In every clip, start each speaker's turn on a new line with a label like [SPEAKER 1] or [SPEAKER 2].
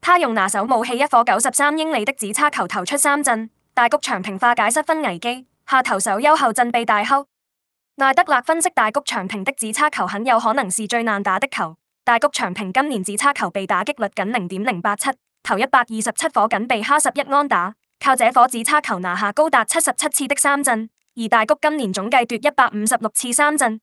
[SPEAKER 1] 他用拿手武器一顆九十三英里的指叉球投出三振，大谷翔平化解失分危機，下投手優後陣被大吼。奈德勒分析大谷翔平的指叉球很有可能是最難打的球，大谷翔平今年指叉球被打擊率僅零點零八七，投一百二十七顆僅被哈十一安打，靠這顆指叉球拿下高達七十七次的三振，而大谷今年總計奪一百五十六次三振。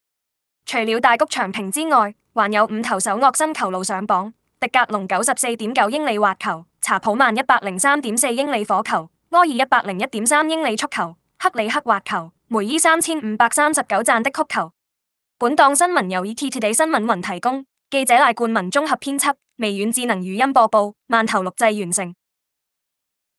[SPEAKER 1] 除了大谷翔平之外，還有五投手惡心球路上榜。格隆九十四點九英里滑球，查普曼一百零三點四英里火球，埃爾一百零一點三英里速球，克里克滑球，梅伊三千五百三十九贊的曲球。本檔新聞由 ETtoday 新聞雲提供，記者賴冠文綜合編輯，微軟智能語音播報，萬頭錄製完成。